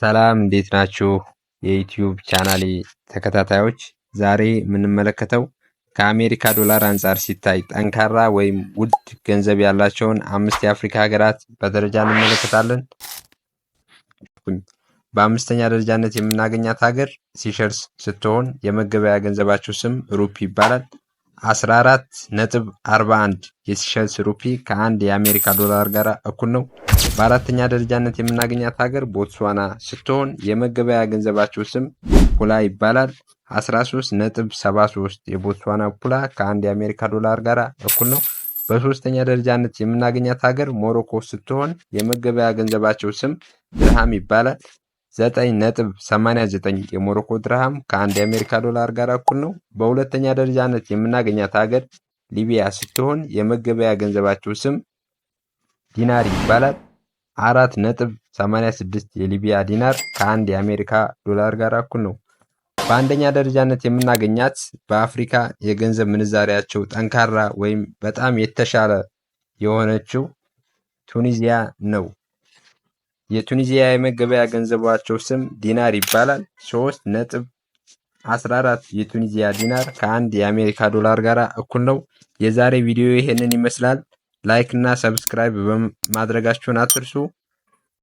ሰላም እንዴት ናችሁ? የዩትዩብ ቻናሌ ተከታታዮች ዛሬ የምንመለከተው ከአሜሪካ ዶላር አንጻር ሲታይ ጠንካራ ወይም ውድ ገንዘብ ያላቸውን አምስት የአፍሪካ ሀገራት በደረጃ እንመለከታለን። በአምስተኛ ደረጃነት የምናገኛት ሀገር ሲሸልስ ስትሆን የመገበያ ገንዘባቸው ስም ሩፒ ይባላል። 14 ነጥብ 41 የሲሸልስ ሩፒ ከአንድ የአሜሪካ ዶላር ጋር እኩል ነው። በአራተኛ ደረጃነት የምናገኛት ሀገር ቦትስዋና ስትሆን የመገበያ ገንዘባቸው ስም ፑላ ይባላል። 13.73 ነጥብ የቦትስዋና ፑላ ከአንድ የአሜሪካ ዶላር ጋር እኩል ነው። በሶስተኛ ደረጃነት የምናገኛት ሀገር ሞሮኮ ስትሆን የመገበያ ገንዘባቸው ስም ድርሃም ይባላል። 9.89 ነጥብ 89 የሞሮኮ ድርሃም ከአንድ የአሜሪካ ዶላር ጋር እኩል ነው። በሁለተኛ ደረጃነት የምናገኛት ሀገር ሊቢያ ስትሆን የመገበያ ገንዘባቸው ስም ዲናር ይባላል። አራት ነጥብ 86 የሊቢያ ዲናር ከአንድ የአሜሪካ ዶላር ጋር እኩል ነው። በአንደኛ ደረጃነት የምናገኛት በአፍሪካ የገንዘብ ምንዛሪያቸው ጠንካራ ወይም በጣም የተሻለ የሆነችው ቱኒዚያ ነው። የቱኒዚያ የመገበያ ገንዘባቸው ስም ዲናር ይባላል። ሶስት ነጥብ 14 የቱኒዚያ ዲናር ከአንድ የአሜሪካ ዶላር ጋር እኩል ነው። የዛሬ ቪዲዮ ይሄንን ይመስላል። ላይክ እና ሰብስክራይብ በማድረጋችሁን አትርሱ።